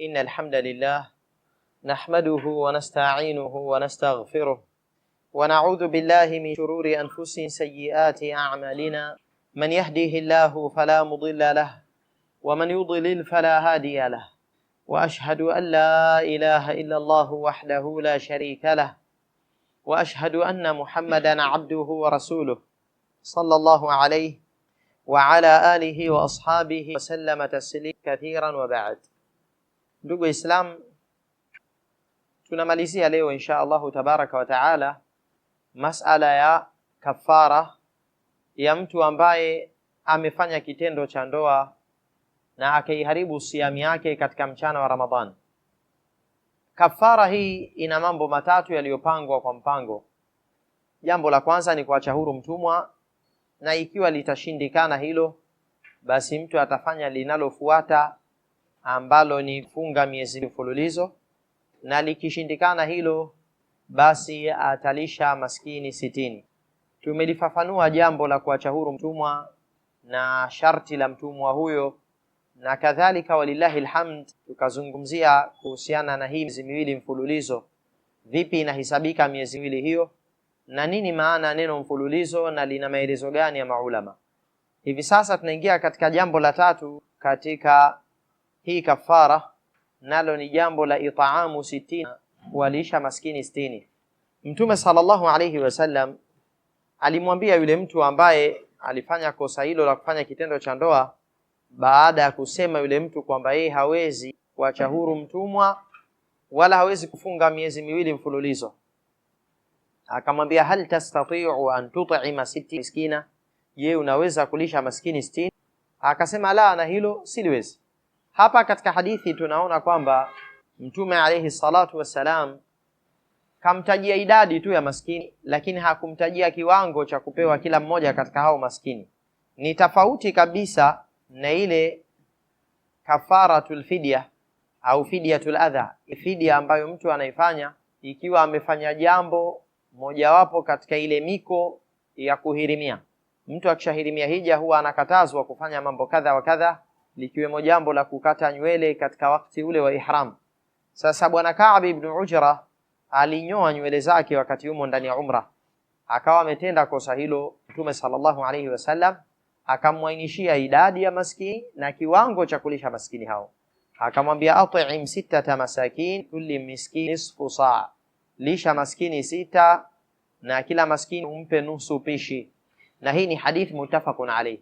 إن الحمد لله نحمده ونستعينه ونستغفره ونعوذ بالله من شرور أنفسنا سيئات أعمالنا من يهديه الله فلا مضل له ومن يضلل فلا هادي له وأشهد أن لا إله إلا الله وحده لا شريك له وأشهد أن محمدا عبده ورسوله صلى الله عليه وعلى آله وأصحابه وسلم تسليما كثيرا وبعد Ndugu Waislamu, tunamalizia leo insha Allahu tabaraka wa taala masala ya kafara ya mtu ambaye amefanya kitendo cha ndoa na akaiharibu siami yake katika mchana wa ramadhan Kafara hii ina mambo matatu yaliyopangwa kwa mpango. Jambo la kwanza ni kuacha huru mtumwa, na ikiwa litashindikana hilo, basi mtu atafanya linalofuata ambalo ni funga miezi mfululizo, na likishindikana hilo, basi atalisha maskini sitini. Tumelifafanua jambo la kuacha huru mtumwa na sharti la mtumwa huyo na kadhalika, walillahi alhamd. Tukazungumzia kuhusiana na hii miezi miwili mfululizo, vipi inahesabika miezi miwili hiyo na nini maana ya neno mfululizo na lina maelezo gani ya maulama. Hivi sasa tunaingia katika jambo la tatu katika hii kafara nalo ni jambo la itaamu sitini walisha maskini sitini. Mtume sallallahu alayhi wasallam alimwambia yule mtu ambaye alifanya kosa hilo la kufanya kitendo cha ndoa, baada ya kusema yule mtu kwamba yeye hawezi kuacha huru mtumwa wala hawezi kufunga miezi miwili mfululizo, akamwambia hal tastatiu an tut'ima sitini miskina, je, unaweza kulisha maskini sitini? Akasema la, na hilo siliwezi. Hapa katika hadithi tunaona kwamba Mtume alaihi salatu wassalam kamtajia idadi tu ya maskini, lakini hakumtajia kiwango cha kupewa kila mmoja katika hao maskini. Ni tofauti kabisa na ile kafaratul fidya au fidyatul adha, fidya ambayo mtu anaifanya ikiwa amefanya jambo mojawapo katika ile miko ya kuhirimia. Mtu akishahirimia hija huwa anakatazwa kufanya mambo kadha wa kadha likiwemo jambo la kukata nywele katika wakati ule wa ihram. Sasa bwana Ka'b ibn Ujra alinyoa nywele zake wakati humo ndani ya umra, akawa ametenda kosa hilo. Mtume sallallahu alayhi wasallam akamwainishia idadi ya maskini na kiwango cha kulisha maskini hao, akamwambia at'im sittata masakin kulli miskin nisfu sa', lisha maskini sita na kila maskini umpe nusu pishi. Na hii ni hadith mutafaqun alayh.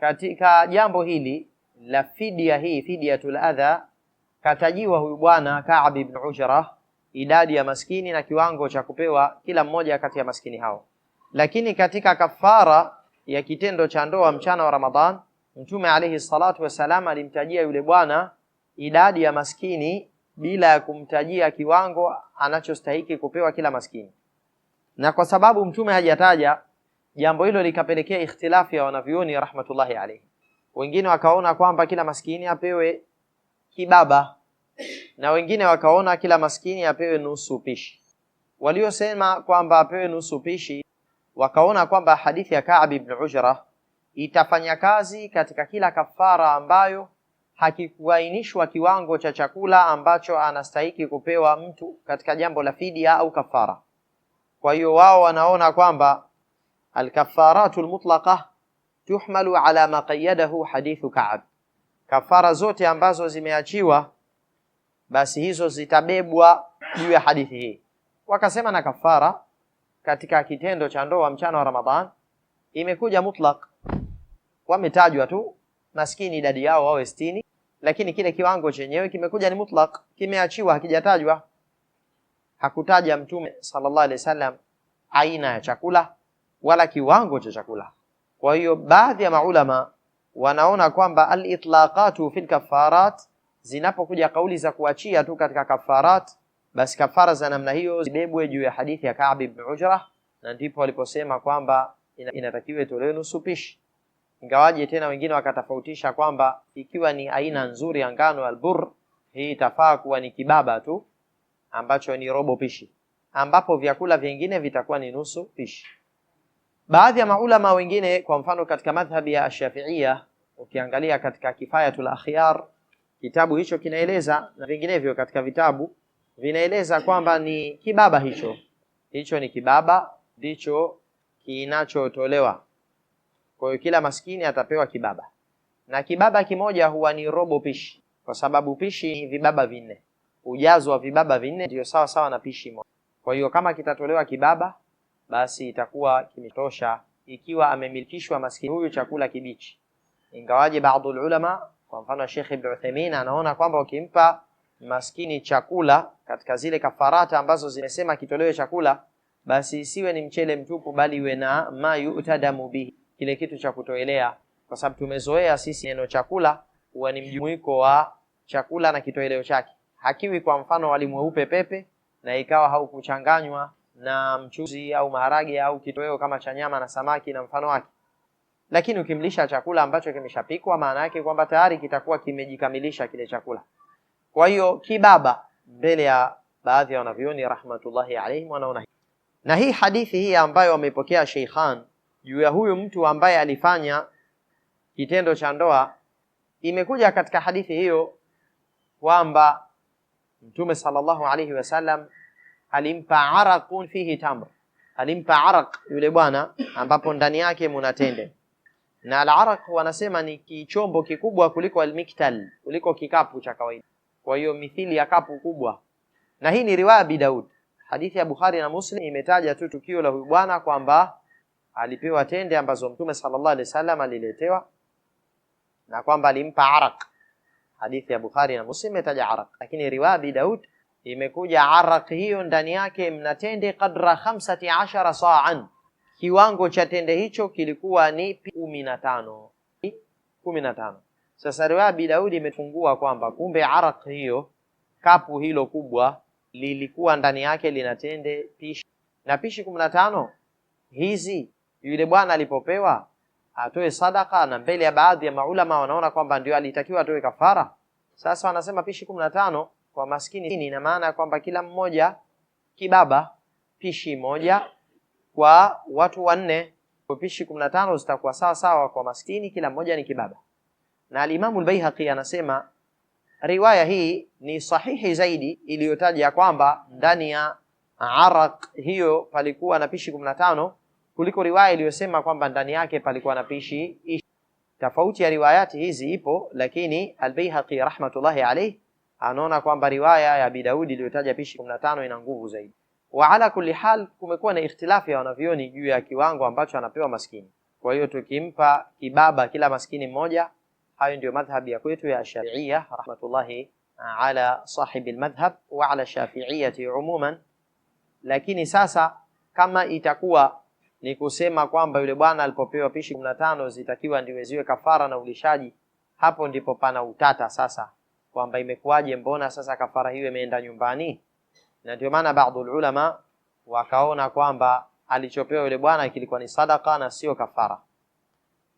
Katika jambo hili la fidia hii fidiatul adha, katajiwa huyu bwana Kaab ibn Ujra idadi ya maskini na kiwango cha kupewa kila mmoja kati ya maskini hao. Lakini katika kafara ya kitendo cha ndoa mchana wa Ramadhan, Mtume alayhi salatu wassalam alimtajia yule bwana idadi ya maskini bila ya kumtajia kiwango anachostahiki kupewa kila maskini. Na kwa sababu Mtume hajataja jambo hilo, likapelekea ikhtilafu ya wanavyuoni rahmatullahi alayhi wengine wakaona kwamba kila maskini apewe kibaba na wengine wakaona kila maskini apewe nusu pishi. Waliosema kwamba apewe nusu pishi wakaona kwamba hadithi ya Ka'b ibn Ujra itafanya kazi katika kila kafara ambayo hakikuainishwa kiwango cha chakula ambacho anastahiki kupewa mtu katika jambo la fidia au kafara. Kwa hiyo wao wanaona kwamba alkafaratu lmutlaqa tuhmalu ala ma qayyadahu hadithu kaab kafara zote ambazo zimeachiwa basi hizo zitabebwa juu ya hadithi hii. Wakasema na kafara katika kitendo cha ndoa mchana wa Ramadhan imekuja mutlak, wametajwa tu maskini idadi yao wawe sitini, lakini kile kiwango chenyewe kimekuja ni mutlak, kimeachiwa, hakijatajwa. Hakutaja Mtume sallallahu alaihi wasallam aina ya chakula wala kiwango cha chakula. Kwa hiyo baadhi ya maulama wanaona kwamba alitlaqatu fil kafarat, zinapokuja kauli za kuachia tu katika kafarat, basi kafara za namna hiyo zibebwe juu ya hadithi ya Ka'b ibn Ujrah, na ndipo waliposema kwamba inatakiwa itolewe nusu pishi, ingawaje tena wengine wakatofautisha kwamba ikiwa ni aina nzuri ya ngano albur, hii itafaa kuwa ni kibaba tu ambacho ni robo pishi, ambapo vyakula vingine vitakuwa ni nusu pishi. Baadhi ya maulama wengine, kwa mfano katika madhhabi ya Shafiia, ukiangalia katika Kifayatul Akhyar, kitabu hicho kinaeleza na vinginevyo katika vitabu vinaeleza kwamba ni kibaba hicho hicho, ni kibaba ndicho kinachotolewa. Kwa hiyo kila maskini atapewa kibaba, na kibaba kimoja huwa ni robo pishi, kwa sababu pishi ni vibaba vinne. Ujazo wa vibaba vinne ndio sawa sawa na pishi moja. Kwa hiyo kama kitatolewa kibaba basi itakuwa kimetosha ikiwa amemilikishwa maskini huyu chakula kibichi. Ingawaje baadhi ulama, kwa mfano Sheikh Ibn Uthaymeen, anaona kwamba ukimpa maskini chakula katika zile kafarata ambazo zimesema kitolewe chakula, basi isiwe ni mchele mtupu, bali iwe na ma yutadamu bihi, kile kitu cha kutoelea, kwa sababu tumezoea sisi neno chakula huwa ni mjumuiko wa chakula na kitoeleo chake. Hakiwi kwa mfano wali mweupe pepe na ikawa haukuchanganywa na mchuzi au maharage au kitoweo kama cha nyama na samaki na mfano wake. Lakini ukimlisha chakula ambacho kimeshapikwa, maana yake kwamba tayari kitakuwa kimejikamilisha kile chakula. Kwa hiyo kibaba mbele ya baadhi ya wanavyoni rahmatullahi alaihim, wanaona na hii hadithi hii ambayo wameipokea Sheikhan juu ya huyu mtu ambaye alifanya kitendo cha ndoa, imekuja katika hadithi hiyo kwamba Mtume sallallahu alayhi wasallam alimpa arakun fihi tamr, alimpa arak yule bwana ambapo ndani yake muna tende. Na al wanasema ni kichombo kikubwa kuliko al-miktal, kuliko kikapu cha kawaida, kwa hiyo mithili ya kapu kubwa. Na hii ni riwaya Abi Daud. Hadithi ya Bukhari na Muslim imetaja tu tukio la huyu bwana kwamba alipewa tende ambazo Mtume sallallahu alaihi wasallam aliletewa na kwamba alimpa arak. Hadithi ya Bukhari na Muslim imetaja arak, lakini riwaya bi Daud imekuja araq hiyo ndani yake mna tende qadra khamsati ashara sa'an, kiwango cha tende hicho kilikuwa ni kumi na tano kumi na tano. Sasa riwaya Abi Daudi imefungua kwamba kumbe araq hiyo kapu hilo kubwa lilikuwa ndani yake lina tende pishi na pishi kumi na tano hizi. Yule bwana alipopewa atoe sadaka, na mbele ya baadhi ya maulama wanaona kwamba ndio alitakiwa atoe kafara. Sasa wanasema pishi kumi na tano kwa maskini, ina maana kwamba kila mmoja kibaba pishi moja kwa watu wanne, kwa pishi kumi na tano zitakuwa sawa sawa kwa maskini, kila mmoja ni kibaba. Na alimamu al-Baihaqi anasema riwaya hii ni sahihi zaidi iliyotaja kwamba ndani ya araq hiyo palikuwa na pishi kumi na tano kuliko riwaya iliyosema kwamba ndani yake palikuwa na pishi. Tofauti ya riwayati hizi ipo, lakini al-Baihaqi rahmatullahi alayhi anaona kwamba riwaya ya Abi Daudi iliyotaja pishi 15 ina nguvu zaidi. Wa ala kulli hal, kumekuwa na ikhtilafu ya wanavyoni juu ya kiwango ambacho anapewa maskini. Kwa hiyo tukimpa kibaba kila maskini mmoja, hayo ndio madhhabi ya kwetu ya Shafi'iyya rahmatullahi ala sahibi almadhhab wa ala shafi'iyati umuman. Lakini sasa kama itakuwa ni kusema kwamba yule bwana alipopewa pishi 15 zitakiwa ndiwe ziwe kafara na ulishaji, hapo ndipo pana utata sasa kwamba imekuwaje, mbona sasa kafara hiyo imeenda nyumbani? Na ndio maana baadhi ulama wakaona kwamba alichopewa yule bwana kilikuwa ni sadaka na sio kafara,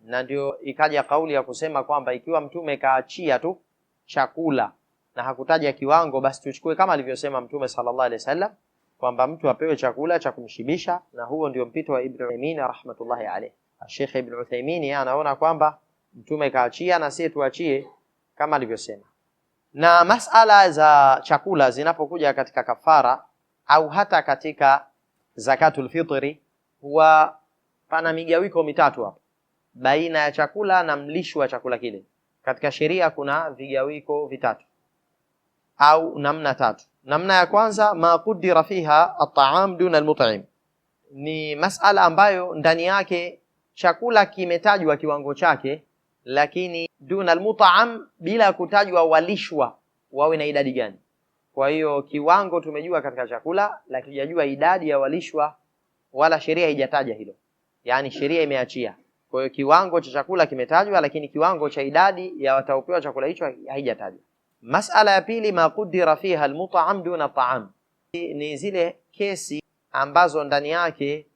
na ndio ikaja kauli ya kusema kwamba ikiwa mtume kaachia tu chakula na hakutaja kiwango, basi tuchukue kama alivyosema mtume sallallahu alaihi wasallam kwamba mtu apewe chakula cha kumshibisha, na huo ndio mpito wa Ibn Uthaymeen rahmatullahi alayh. Sheikh Ibn Uthaymeen anaona kwamba mtume kaachia na sisi tuachie kama alivyosema. Na masala za chakula zinapokuja katika kafara au hata katika zakatul fitri, huwa pana migawiko mitatu hapo baina ya chakula na mlishi wa chakula kile. Katika sheria kuna vigawiko vitatu au namna tatu. Namna ya kwanza, ma qudira fiha at'am duna almut'im, ni masala ambayo ndani yake chakula kimetajwa kiwango chake lakini duna almutaam, bila kutajwa walishwa wawe na idadi gani. Kwa hiyo kiwango tumejua katika chakula, lakini hatujajua idadi ya walishwa, wala sheria haijataja hilo, yaani sheria imeachia. Kwa hiyo kiwango cha chakula kimetajwa, lakini kiwango cha idadi ya wataopewa chakula hicho haijatajwa. Masala ya pili, ma qudira fiha almutaam duna taam, ni zile kesi ambazo ndani yake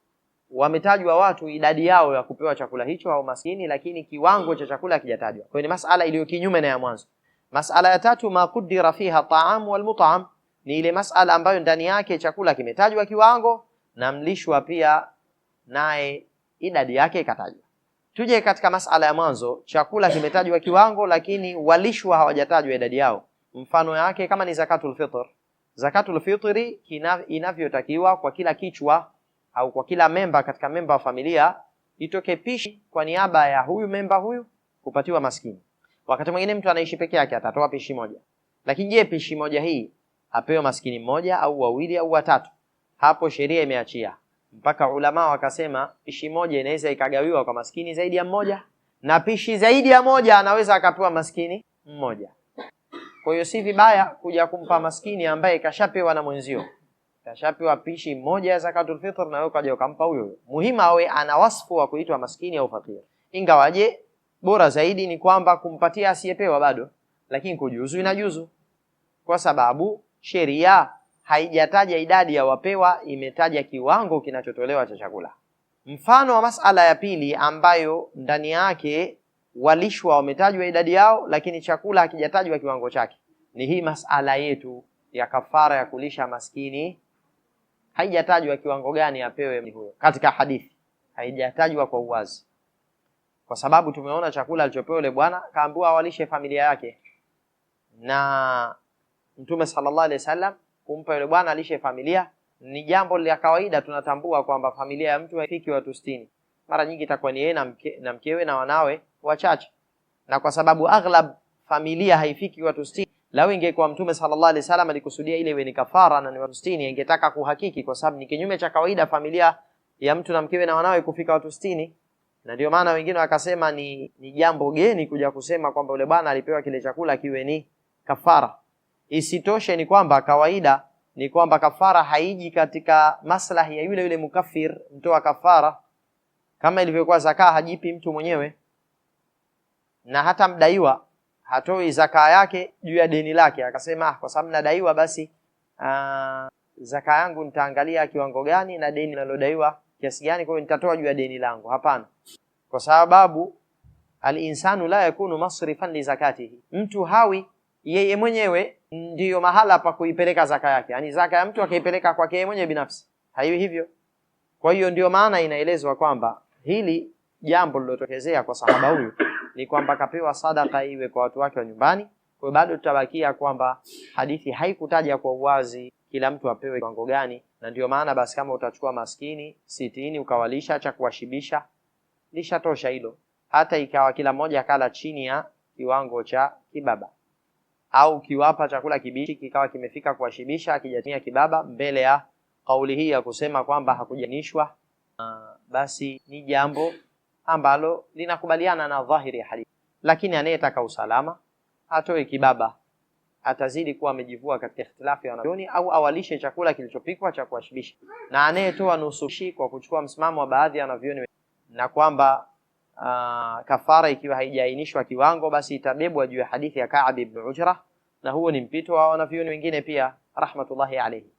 wametajwa watu idadi yao ya kupewa chakula hicho au maskini, lakini kiwango cha chakula hakijatajwa. Kwa hiyo ni masala iliyo kinyume na ya mwanzo. Masala ya tatu, ma kudira fiha ta'am wal mut'am, ni ile masala ambayo ndani yake chakula kimetajwa kiwango na mlishwa pia naye idadi yake ikatajwa. Tuje katika masala ya mwanzo, chakula kimetajwa kiwango, lakini walishwa hawajatajwa idadi yao. Mfano yake kama ni zakatul fitr, zakatul fitri inavyotakiwa kwa kila kichwa au kwa kila memba katika memba wa familia itoke pishi kwa niaba ya huyu memba huyu kupatiwa maskini. Wakati mwingine mtu anaishi peke yake atatoa pishi moja, lakini je, pishi moja hii apewe maskini mmoja au wawili au watatu? Hapo sheria imeachia mpaka ulama wakasema pishi moja inaweza ikagawiwa kwa maskini zaidi ya mmoja, na pishi zaidi ya moja anaweza akapewa maskini mmoja. Kwa hiyo si vibaya kuja kumpa maskini ambaye kashapewa na mwenzio kashapewa pishi moja ya zakatul fitr, na wewe kaja ukampa huyo huyo. Muhimu awe ana wasfu wa kuitwa maskini au fakir, ingawaje bora zaidi ni kwamba kumpatia asiyepewa bado, lakini kujuzu inajuzu, kwa sababu sheria haijataja idadi ya wapewa, imetaja kiwango kinachotolewa cha chakula. Mfano wa masala ya pili ambayo ndani yake walishwa wametajwa idadi yao, lakini chakula hakijatajwa kiwango chake, ni hii masala yetu ya kafara ya kulisha maskini haijatajwa kiwango gani apewe huyo katika hadithi, haijatajwa kwa uwazi, kwa sababu tumeona chakula alichopewa yule bwana, kaambiwa awalishe familia yake, na Mtume sallallahu alaihi wasallam kumpa yule bwana alishe familia ni jambo la kawaida. Tunatambua kwamba familia ya mtu haifiki watu sitini, mara nyingi itakuwa ni yeye na, mke, na mkewe na wanawe wachache, na kwa sababu aghlab familia haifiki watu sitini Lau ingekuwa Mtume sallallahu alaihi wasallam alikusudia ile iwe ni kafara na ni watu sitini, ingetaka kuhakiki, kwa sababu ni kinyume cha kawaida familia ya mtu na mkewe na wanawe kufika watu 60. na ndio maana wengine wakasema ni, ni jambo geni kuja kusema kwamba yule bwana alipewa kile chakula kiwe ni kafara. Isitoshe ni kwamba kawaida ni kwamba kafara haiji katika maslahi ya yule yule mukafir mtoa kafara, kama ilivyokuwa zakaa hajipi mtu mwenyewe na hata mdaiwa hatoi zaka yake juu ya deni lake, akasema ah, kwa sababu nadaiwa, basi aa, ah, zaka yangu nitaangalia kiwango gani na deni nalodaiwa kiasi gani, kwa hiyo nitatoa juu ya deni langu. Hapana, kwa sababu alinsanu la yakunu masrifan li zakatihi, mtu hawi yeye mwenyewe ndiyo mahala pa kuipeleka zaka yake, yani zaka ya mtu akaipeleka kwake yeye mwenyewe binafsi, haiwi hivyo. Kwa hiyo ndio maana inaelezwa kwamba hili jambo lilotokezea kwa sahaba huyu ni kwamba kapewa sadaka iwe kwa watu wake wa nyumbani. Kwa bado tutabakia kwamba hadithi haikutaja kwa uwazi kila mtu apewe kiwango gani, na ndio maana basi, kama utachukua maskini sitini ukawalisha cha kuwashibisha, lishatosha hilo, hata ikawa kila mmoja akala chini ya kiwango cha kibaba au kiwapa chakula kibichi kikawa kimefika kuwashibisha, akijatumia kibaba mbele ya kauli hii ya kusema kwamba hakujanishwa, ah, basi ni jambo ambalo linakubaliana na dhahiri ya hadithi, lakini anayetaka usalama atoe kibaba, atazidi kuwa amejivua katika ikhtilafu ya wanavyoni, au awalishe chakula kilichopikwa cha kuwashibisha, na anayetoa shi kwa kuchukua msimamo wa baadhi ya wanavyoni na kwamba uh, kafara ikiwa haijaainishwa kiwango, basi itabebwa juu ya hadithi ya Ka'b ibn Ujra, na huo ni mpito wa wanavyoni wengine pia rahmatullahi alayhi.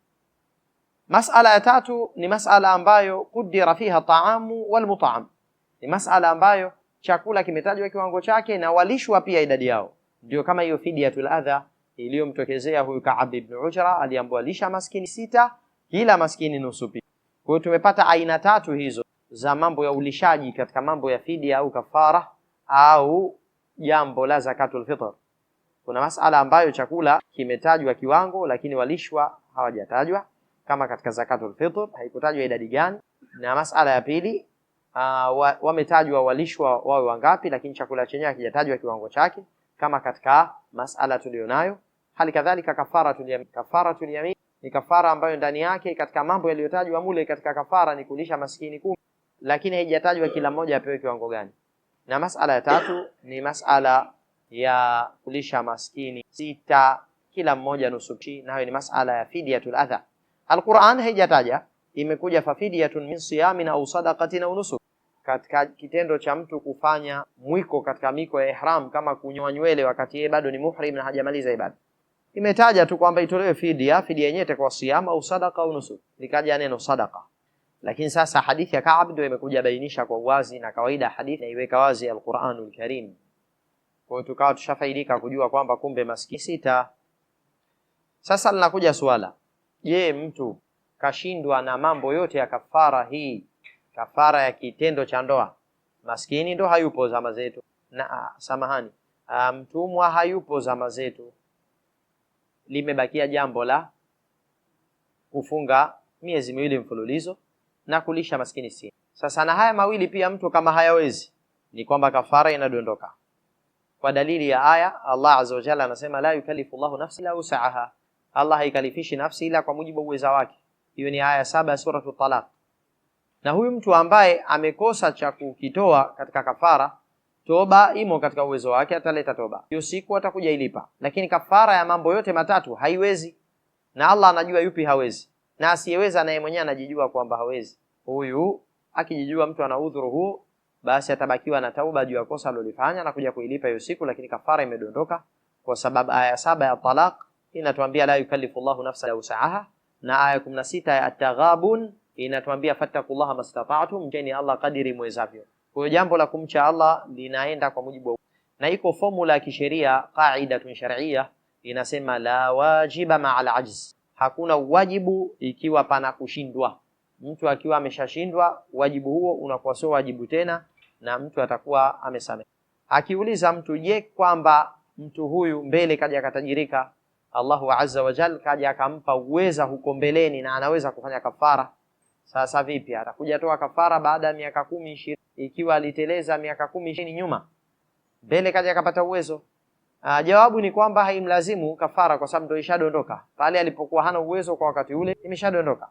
Masala ya tatu ni masala ambayo kudira fiha taamu wal mut'am, ni masala ambayo chakula kimetajwa kiwango chake na walishwa pia idadi yao, ndio kama hiyo fidiatul adha iliyomtokezea huyu Kaab ibn Ujra, aliambiwa lisha maskini sita, kila maskini nusu pia. Kwa hiyo tumepata aina tatu hizo za mambo ya ulishaji katika mambo ya fidia au kafara au jambo la zakatul fitr. Kuna masala ambayo chakula kimetajwa kiwango, lakini walishwa hawajatajwa, kama katika zakatul fitr haikutajwa idadi gani, na masala ya pili uh, wametajwa wa walishwa wawe wangapi, lakini chakula chenyewe hakijatajwa kiwango chake, kama katika masala tuliyonayo. Hali kadhalika kafaratul yamin, kafaratul yamin ni kafara ambayo ndani yake katika mambo yaliyotajwa mule katika kafara ni kulisha maskini kumi, lakini haijatajwa kila mmoja apewe kiwango gani. Na masala ya tatu ni masala ya kulisha maskini sita, kila mmoja nusu, nayo ni masala ya fidyatul adha. Alquran haijataja, imekuja fa fidyatun min siyamin au sadaqatin au nusuk katika kitendo cha mtu kufanya mwiko katika miko ya ihram kama kunyoa nywele wakati yeye bado ni muhrim na hajamaliza ibada. Imetaja tu kwamba itolewe fidia, fidia yenyewe itakuwa siama au sadaka au nusuk, likaja neno sadaka. Lakini sasa hadithi ya Kaab ndio imekuja bainisha kwa wazi, na kawaida hadithi inaiweka wazi Al-Qur'anul Karim. Kwa hiyo tukawa tushafaidika kujua kwamba kumbe maskini sita. Sasa linakuja suala, je, mtu kashindwa na mambo yote ya kafara hii kafara ya kitendo cha ndoa. Maskini ndo hayupo zama zetu, na ah, samahani, ah, mtumwa hayupo zama zetu. Limebakia jambo la kufunga miezi miwili mfululizo na kulisha maskini si. Sasa na haya mawili pia mtu kama hayawezi, ni kwamba kafara inadondoka kwa dalili ya aya. Allah azza wa jalla anasema la yukallifu Allahu nafsa illa wusaha, Allah haikalifishi nafsi ila kwa mujibu wa uweza wake. Hiyo ni aya saba ya suratu Talaq na huyu mtu ambaye amekosa cha kukitoa katika kafara, toba imo katika uwezo wake, ataleta toba hiyo siku atakuja ilipa. Lakini kafara ya mambo yote matatu haiwezi, na Allah anajua yupi hawezi, na asiyeweza naye mwenyewe anajijua kwamba hawezi. Huyu akijijua mtu ana udhuru huu, basi atabakiwa na tauba juu ya kosa alilofanya na kuja kuilipa hiyo siku, lakini kafara imedondoka kwa sababu aya saba ya talaq inatuambia la yukallifu Allahu nafsan illa wus'aha, na aya 16 ya at-taghabun inatuambia fattakullaha mastata'tum, mcheni Allah kadiri mwezavyo. Kwa hiyo jambo la kumcha Allah linaenda kwa mujibu wa na iko formula ya kisheria qaidatun sharia inasema la wajiba ma al-ajz, hakuna wajibu ikiwa pana kushindwa. Mtu akiwa ameshashindwa wajibu huo unakuwa sio wajibu tena, na mtu atakuwa amesamehe. Akiuliza mtu je, kwamba mtu huyu mbele kaja akatajirika, Allahu azza wa jalla kaja akampa uweza huko mbeleni, na anaweza kufanya kafara sasa vipi, atakuja toa kafara baada ya miaka kumi ishirini? Ikiwa aliteleza miaka kumi ishirini nyuma, mbele kaja akapata uwezo Aa, ah, jawabu ni kwamba haimlazimu kafara kwa sababu ndio ishadondoka pale alipokuwa hana uwezo kwa wakati ule, imeshadondoka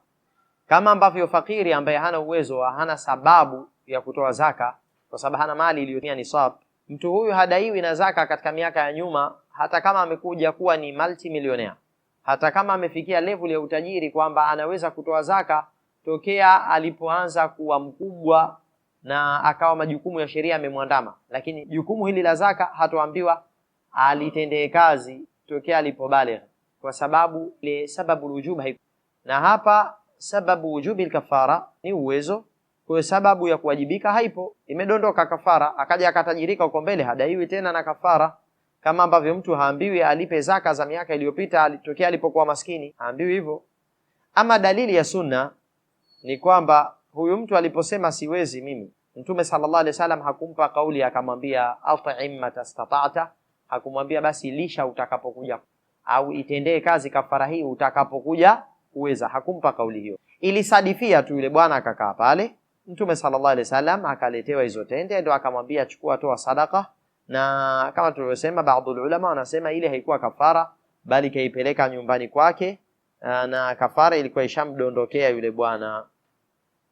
kama ambavyo fakiri ambaye hana uwezo hana sababu ya kutoa zaka kwa sababu hana mali iliyotumia nisab. Mtu huyu hadaiwi na zaka katika miaka ya nyuma, hata kama amekuja kuwa ni multi millionaire, hata kama amefikia level ya utajiri kwamba anaweza kutoa zaka tokea alipoanza kuwa mkubwa na akawa majukumu ya sheria yamemwandama, lakini jukumu hili la zaka hatoambiwa alitendee kazi tokea alipobaligh, kwa sababu ile sababu wujuba. Na hapa sababu wujubi kafara ni uwezo, kwa sababu ya kuwajibika haipo, imedondoka kafara. Akaja akatajirika huko mbele, hadaiwi tena na kafara, kama ambavyo mtu haambiwi alipe zaka za miaka iliyopita tokea alipokuwa maskini, haambiwi hivyo. Ama dalili ya sunna ni kwamba huyu mtu aliposema siwezi mimi, Mtume sallallahu alaihi wasallam hakumpa kauli akamwambia at'im mastata'ta, hakumwambia basi lisha utakapokuja au itendee kazi kafara hii utakapokuja kuweza. Hakumpa kauli hiyo, ilisadifia tu yule bwana akakaa pale. Mtume sallallahu alaihi wasallam akaletewa hizo tende, ndio akamwambia chukua, toa sadaka. Na kama tulivyosema, baadhi ya ulama wanasema ile haikuwa kafara, bali kaipeleka nyumbani kwake, na kafara ilikuwa ishamdondokea yule bwana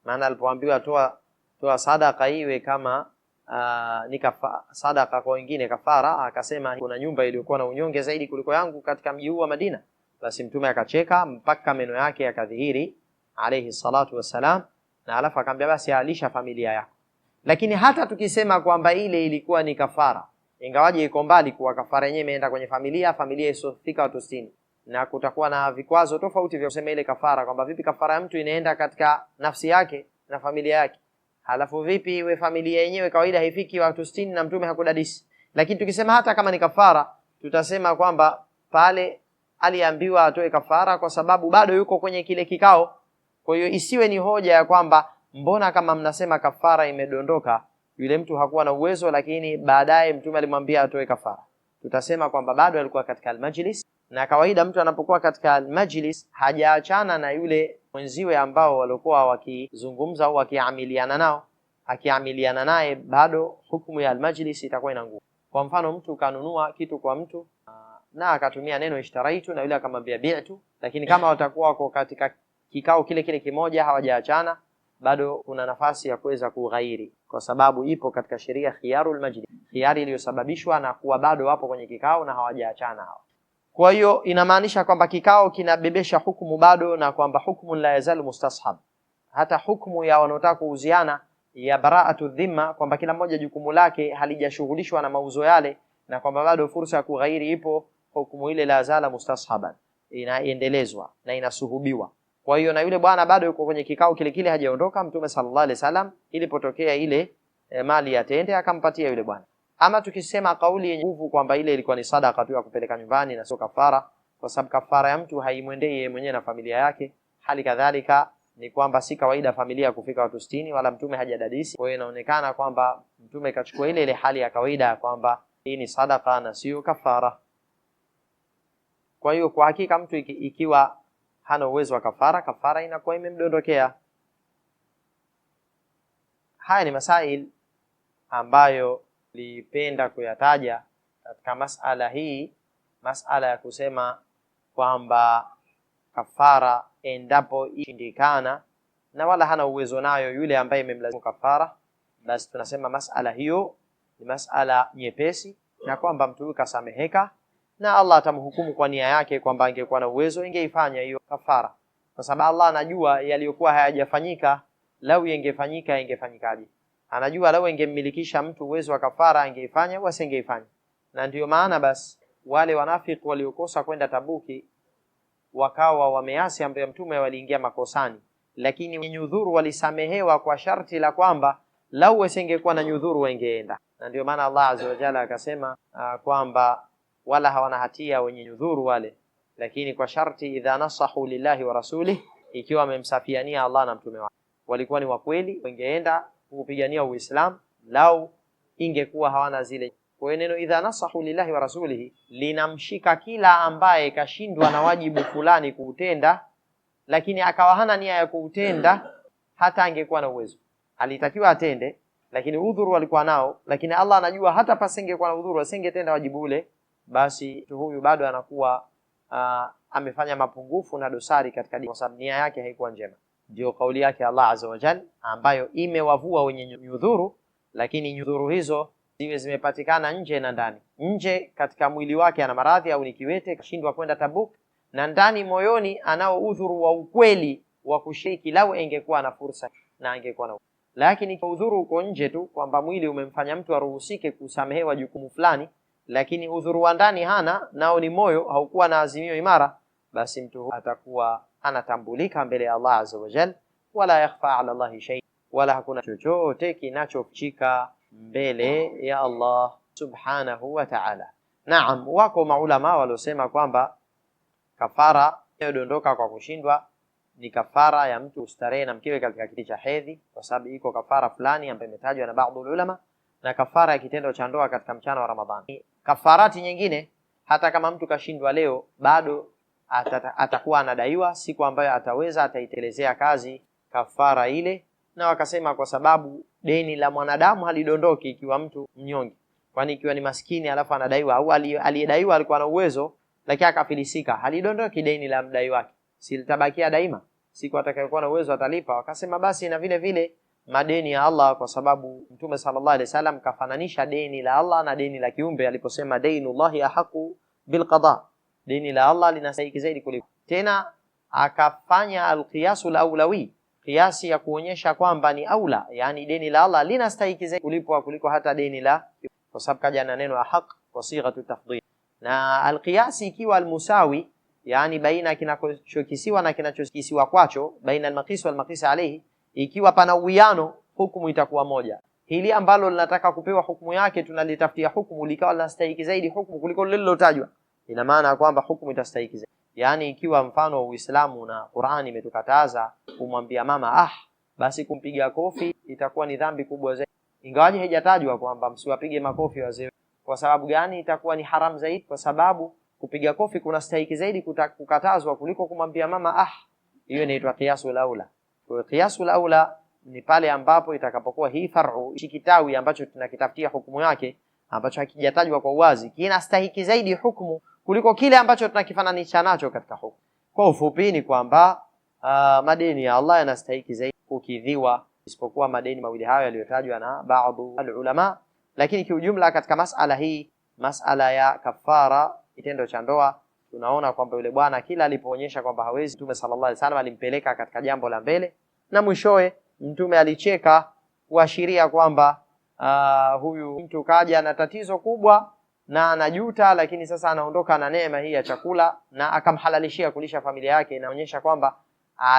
maana alipoambiwa toa toa sadaka iwe kama uh, ni kafa, sadaka kwa wengine kafara, akasema kuna nyumba iliyokuwa na unyonge zaidi kuliko yangu katika mji huu wa Madina. Basi mtume akacheka mpaka meno yake yakadhihiri alayhi salatu wassalam, na alafu akamwambia basi alisha familia yako. Lakini hata tukisema kwamba ile ilikuwa ni kafara, ingawaje iko mbali kuwa kafara yenyewe imeenda kwenye familia, familia isiyofika watu sitini na kutakuwa na vikwazo tofauti vya kusema ile kafara, kwamba vipi kafara ya mtu inaenda katika nafsi yake na familia yake, halafu vipi iwe familia yenyewe kawaida haifiki watu 60 na mtume hakudadisi. Lakini tukisema hata kama ni kafara, tutasema kwamba pale aliambiwa atoe kafara kwa sababu bado yuko kwenye kile kikao. Kwa hiyo isiwe ni hoja ya kwamba mbona kama mnasema kafara imedondoka, yule mtu hakuwa na uwezo, lakini baadaye mtume alimwambia atoe kafara. Tutasema kwamba bado alikuwa katika almajlis na kawaida mtu anapokuwa katika majlis hajaachana na yule mwenziwe ambao waliokuwa wakizungumza au wakiamiliana nao, akiamiliana naye bado hukumu ya almajlis itakuwa ina nguvu. Kwa mfano, mtu kanunua kitu kwa mtu na akatumia neno ishtaraitu na yule akamwambia bi'tu, lakini kama watakuwa wako katika kikao kile kile kimoja hawajaachana, bado kuna nafasi ya kuweza kughairi, kwa sababu ipo katika sheria khiyarul majlis, khiyari iliyosababishwa na kuwa bado wapo kwenye kikao na hawajaachana hawa kwa hiyo inamaanisha kwamba kikao kinabebesha hukumu bado, na kwamba hukumu la yazalu mustashab, hata hukumu ya wanaotaka kuuziana ya baraatu dhimma, kwamba kila mmoja jukumu lake halijashughulishwa na mauzo yale, na kwamba bado fursa ya kughairi ipo. Hukumu ile la yazala mustashaban, inaendelezwa na inasuhubiwa. Kwa hiyo na yule bwana bado yuko kwenye kikao kile kile, hajaondoka. Mtume sallallahu alaihi wasallam ilipotokea ile e, mali ya tende, akampatia yule bwana. Ama tukisema kauli yenye nguvu kwamba ile ilikuwa ni sadaka tu ya kupeleka nyumbani na sio kafara, kwa sababu kafara ya mtu haimwendei yeye mwenyewe na familia yake. Hali kadhalika ni kwamba si kawaida familia kufika watu 60 wala mtume hajadadisi. Kwa hiyo inaonekana kwamba mtume ikachukua ile ile hali ya kawaida ya kwamba hii ni sadaka na sio kafara. Kwa hiyo kwa hakika mtu iki, ikiwa hana uwezo wa kafara, kafara inakuwa imemdondokea. Haya ni masail ambayo lipenda kuyataja katika masala hii, masala ya kusema kwamba kafara endapo ishindikana na wala hana uwezo nayo yule ambaye imemlazimu kafara, basi tunasema masala hiyo ni masala nyepesi, na kwamba mtu huyu kasameheka na Allah atamhukumu kwa nia yake, kwamba angekuwa na uwezo ingeifanya hiyo kafara, kwa sababu Allah anajua yaliyokuwa hayajafanyika. Lau yengefanyika ingefanyikaje? Anajua lau ingemmilikisha mtu uwezo wa kafara angeifanya au asingeifanya. Na ndiyo maana basi wale wanafiki waliokosa kwenda Tabuki wakawa wameasi amri ya Mtume, waliingia makosani, lakini wenye nyudhuru walisamehewa kwa sharti la kwamba lau wasingekuwa na nyudhuru wengeenda. Na ndio maana Allah azza wa jalla akasema ah, kwamba wala hawana hatia wenye nyudhuru wale, lakini kwa sharti idha nasahu lillahi wa rasulih, ikiwa wamemsafiania Allah na mtume wake, walikuwa ni wakweli, wengeenda kupigania Uislamu lau ingekuwa hawana zile. Kwa hiyo neno idha nasahu lillahi wa rasulihi linamshika kila ambaye kashindwa na wajibu fulani kuutenda, lakini akawa hana nia ya kuutenda hata angekuwa na uwezo. Alitakiwa atende, lakini udhuru alikuwa nao, lakini Allah anajua hata pasingekuwa na udhuru asingetenda wajibu ule, basi mtu huyu bado anakuwa uh, amefanya mapungufu na dosari katika dini, kwa sababu nia yake haikuwa njema ndio kauli yake Allah azza wa jal, ambayo imewavua wenye nyudhuru, lakini nyudhuru hizo ziwe zimepatikana nje na ndani. Nje katika mwili wake ana maradhi au ni kiwete, kashindwa kwenda Tabuk, na ndani moyoni anao udhuru wa ukweli wa kushiriki, lau ingekuwa na fursa na angekuwa na lakini udhuru uko nje tu, kwamba mwili umemfanya mtu aruhusike kusamehewa jukumu fulani, lakini udhuru wa ndani hana, nao ni moyo haukuwa na azimio imara, basi mtu atakuwa anatambulika mbele ya Allah azza wa jal, wala yakhfa ala Allahi shay, wala hakuna chochote kinachofichika mbele ya Allah subhanahu wa ta'ala. Naam, wako maulama waliosema kwamba kafara inayodondoka kwa kushindwa ni kafara ya mtu ustarehe na mkewe katika kiti cha hedhi, kwa sababu iko kafara fulani ambayo imetajwa na baadhi ulama, na kafara ya kitendo cha ndoa katika mchana wa Ramadhani. Kafarati nyingine, hata kama mtu kashindwa leo, bado atakuwa anadaiwa siku ambayo ataweza ataitelezea kazi kafara ile, na wakasema kwa sababu deni la mwanadamu halidondoki ikiwa mtu mnyonge, kwani ikiwa ni maskini alafu anadaiwa au aliyedaiwa alikuwa na uwezo lakini akafilisika, halidondoki deni la mdai wake, si litabakia daima. Siku atakayokuwa na uwezo atalipa. Wakasema basi na vile vile madeni ya Allah, kwa sababu Mtume sallallahu alaihi wasallam kafananisha deni la Allah na deni la kiumbe aliposema dainullahi ahaqu bilqada dini la Allah linastahiki zaidi kuliko tena, akafanya alqiyasu laulawi, kiasi ya kuonyesha kwamba ni aula, yani deni la Allah linastahiki zaidi kulipwa kuliko hata deni la, kwa sababu kaja na neno ahaq kwa sighatu tafdhil, na alqiyasi ikiwa almusawi, yani baina kinachokisiwa na kinachokisiwa kwacho, baina almaqis wal maqis alayhi, ikiwa pana uwiano, hukumu itakuwa moja. Hili ambalo linataka kupewa hukumu yake tunalitafutia hukumu, likawa linastahiki zaidi hukumu kuliko lililotajwa ina maana kwamba hukumu itastahiki zaidi. Yaani, ikiwa mfano Uislamu na Qur'ani imetukataza kumwambia mama ah, basi kumpiga kofi itakuwa ni dhambi kubwa zaidi, ingawaje haijatajwa kwamba msiwapige makofi wazee. Kwa sababu gani itakuwa ni haram zaidi? Kwa sababu kupiga kofi kuna stahiki zaidi kukatazwa kuliko kumwambia mama ah. Hiyo inaitwa qiyasu laula. Kwa hiyo qiyasu laula ni pale ambapo itakapokuwa hii faru kitawi ambacho tunakitafutia hukumu yake ambacho hakijatajwa kwa uwazi kinastahiki zaidi hukumu kuliko kile ambacho tunakifananisha nacho katika hukumu. Kwa ufupi ni kwamba uh, ah, madeni ya Allah yanastahiki zaidi kukidhiwa isipokuwa madeni mawili hayo yaliyotajwa na baadhi ulama, lakini kiujumla katika masala hii, masala ya kafara, kitendo cha ndoa, tunaona kwamba yule bwana kila alipoonyesha kwamba hawezi, Mtume sallallahu alaihi wasallam alimpeleka katika jambo la mbele, na mwishowe Mtume alicheka kuashiria kwamba uh, huyu mtu kaja na tatizo kubwa na anajuta, lakini sasa anaondoka na neema hii ya chakula na akamhalalishia kulisha familia yake. Inaonyesha kwamba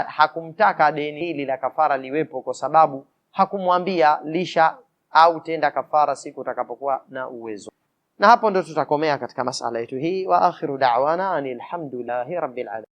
hakumtaka deni hili la kafara liwepo kwa sababu hakumwambia lisha au tenda kafara siku utakapokuwa na uwezo. Na hapo ndo tutakomea katika masala yetu hii. Wa akhiru da'wana anilhamdulillahi rabbil alamin.